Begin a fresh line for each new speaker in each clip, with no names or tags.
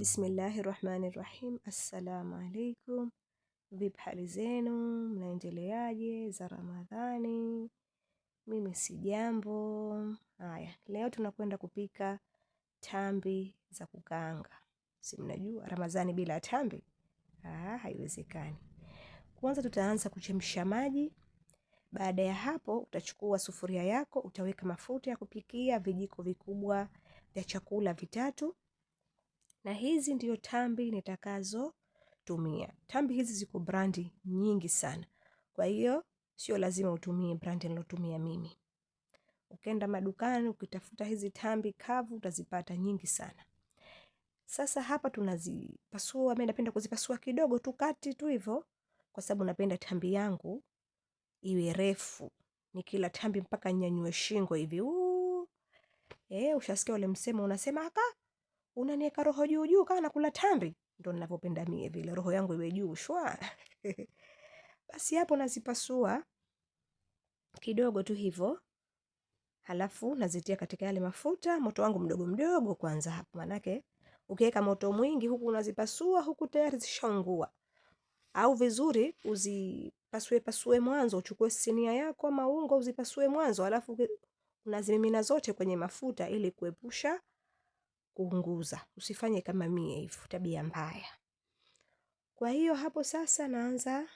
Bismillahi rahmani rahim. Assalamu alaikum, vipi hali zenu, mnaendeleaje za Ramadhani? Mimi si jambo. Haya, leo tunakwenda kupika tambi za kukaanga. Si mnajua Ramadhani bila tambi ah, haiwezekani. Kwanza tutaanza kuchemsha maji. Baada ya hapo, utachukua sufuria yako, utaweka mafuta ya kupikia vijiko vikubwa vya chakula vitatu na hizi ndio tambi nitakazotumia. Tambi hizi ziko brandi nyingi sana, kwa hiyo sio lazima utumie brandi nilotumia mimi. Ukenda madukani ukitafuta hizi tambi kavu utazipata nyingi sana. Sasa hapa tunazipasua, mimi napenda kuzipasua kidogo tu kati tu hivyo, kwa sababu napenda tambi yangu iwe refu, nikila tambi mpaka nyanyue shingo hivi. Eh, ushasikia ule msemo unasema aka unaniweka roho juu juu kama nakula tambi ndo ninavyopenda mie vile roho yangu iwe juu shwa basi hapo nazipasua kidogo tu hivyo halafu nazitia katika yale mafuta moto wangu mdogo mdogo kwanza hapo manake ukiweka moto mwingi huku unazipasua huku tayari zishaungua au vizuri uzipasue pasue mwanzo uchukue sinia yako maungo uzipasue mwanzo alafu unazimimina zote kwenye mafuta ili kuepusha kuunguza. Usifanye kama mie hivyo, tabia mbaya. Kwa hiyo hapo sasa naanza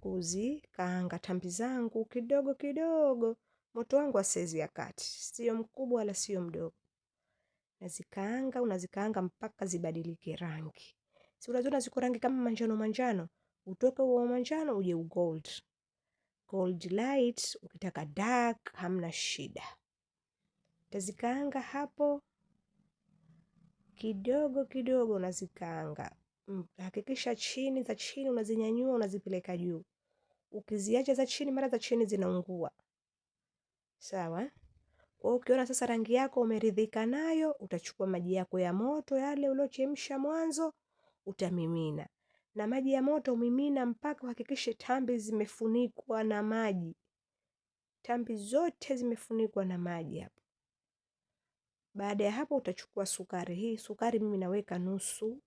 kuzikaanga tambi zangu kidogo kidogo. Moto wangu asezi ya kati, sio mkubwa wala sio mdogo. Nazikaanga, unazikaanga mpaka zibadilike rangi. Si unaziona ziko rangi kama manjano manjano, utoke huo manjano uje ugold gold light. Ukitaka dark hamna shida, tazikaanga hapo kidogo kidogo unazikaanga mm, Hakikisha chini za chini unazinyanyua unazipeleka juu. Ukiziacha za chini, mara za chini zinaungua. Sawa. Kwa ukiona sasa rangi yako umeridhika nayo, utachukua maji yako ya moto yale uliochemsha mwanzo, utamimina na maji ya moto umimina mpaka uhakikishe tambi zimefunikwa na maji, tambi zote zimefunikwa na maji hapo. Baada ya hapo utachukua sukari hii. Sukari mimi naweka nusu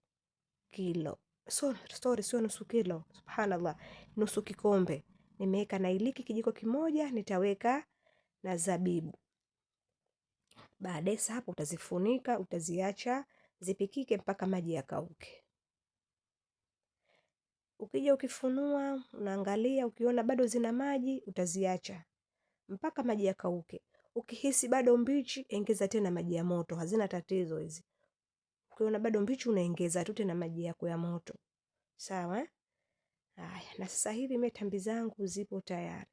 kilo, so, sorry, sio nusu kilo, subhanallah, nusu kikombe. Nimeweka na iliki kijiko kimoja, nitaweka na zabibu. Baadaye sasa hapo utazifunika, utaziacha zipikike mpaka maji yakauke. Ukija ukifunua, unaangalia, ukiona bado zina maji, utaziacha mpaka maji yakauke. Ukihisi bado mbichi, ongeza tena maji ya moto, hazina tatizo hizi. Ukiona bado mbichi, unaongeza tu tena maji yako ya moto, sawa. Eh? Haya, na sasa hivi mimi tambi zangu zipo tayari,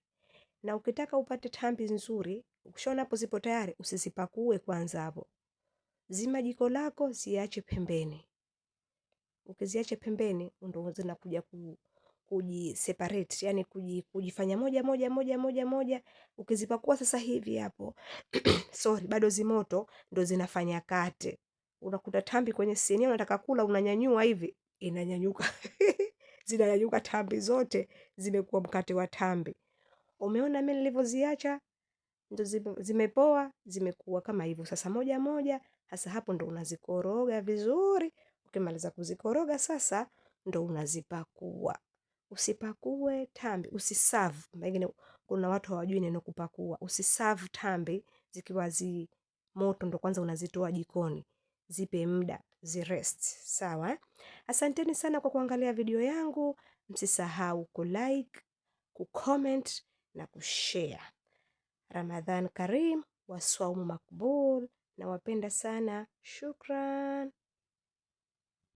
na ukitaka upate tambi nzuri, ukishaona hapo zipo tayari, usizipakue kwanza. Hapo zima jiko lako, ziache pembeni. Ukiziache pembeni, ndo zinakuja ku kujiseparate, yani kujifanya moja moja moja moja moja. Ukizipakua sasa hivi hapo sorry, bado zimoto ndo zinafanya kate. Unakuta tambi kwenye sinia, yaani unataka kula, unanyanyua hivi, inanyanyuka zinanyanyuka tambi zote, zimekuwa mkate wa tambi. Umeona mimi nilivyoziacha ndo zimepoa, zimekuwa kama hivyo sasa, moja moja. Sasa hapo ndo unazikoroga vizuri. Ukimaliza kuzikoroga sasa ndo unazipakua usipakue tambi, usisavu Pengine kuna watu hawajui neno kupakua. usisavu tambi zikiwa zi moto, ndo kwanza unazitoa jikoni, zipe muda zi rest. Sawa Asanteni sana kwa kuangalia video yangu, msisahau kulike, comment na kushare. Ramadhan Karim, waswaumu makbul. Nawapenda sana, shukran.